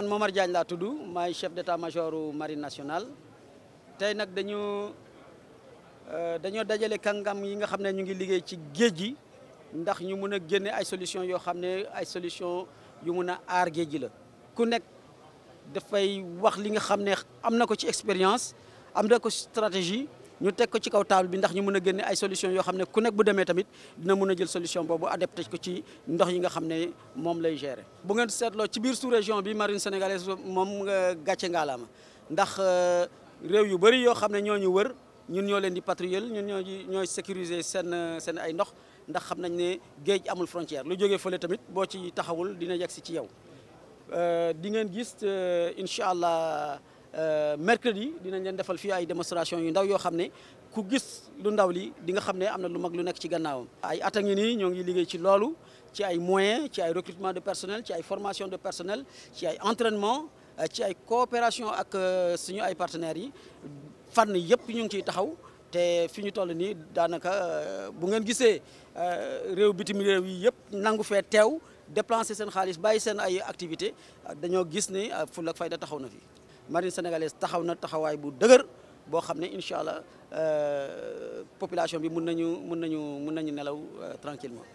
man Momar Diagne laa tudd maay chef d'état-major marine nationale tey nag dañu euh, dañoo dajale kàngam yi nga xam ne ñu ngi liggéey ci géej gi ndax ñu mun a génne ay solution yoo xam ne ay solution yu mun a aar géej gi la ku nekk dafay wax li nga xam ne am na ko ci expérience am na ko stratégie ñu teg ko ci kaw table bi ndax ñu mën a génne ay solution yoo xam ne ku nekk bu demee tamit dina mun a jël solution boobu adapté ko ci ndox yi nga xam ne moom lay gérer. bu ngeen seetloo ci biir su région bi marine sénégalaise moom nga gàcce ngaalaama ndax euh, réew yu bëri yoo xam ne ñoo ñu wër ñun ñoo leen di patrouiller ñun ñoo ñooy sécuriser seen seen ay ndox ndax xam nañ ne géej amul frontière lu jógee fole tamit boo ci taxawul dina yegg si ci yow euh, di ngeen gis euh, incha allah. Euh, mercredi dinañ leen defal fii ay démonstration yi ndaw yoo xam ne ku gis lu ndaw li di nga xam ne am na lu mag lu nekk ci gannaawam. ay at ngi nii ñoo ngi liggéey ci loolu ci ay moyens ci ay recrutement de personnel ci ay formation de personnel ci ay entraînement euh, ci ay coopération ak euh, suñu ay partenaires yi fànn yëpp ñu ngi ciy taxaw. te fi ñu toll nii daanaka bu ngeen gisee réew bitim réew yi yëpp nangu fee teew déplacer seen xaalis bàyyi seen ay activité dañoo gis ni fulla ak fayda taxaw na fi. marine sénégalaise taxaw na taxawaay bu dëgër boo xam ne incha allah euh, population bi mun nañu mun nañu mun nañu nelaw euh, tranquillement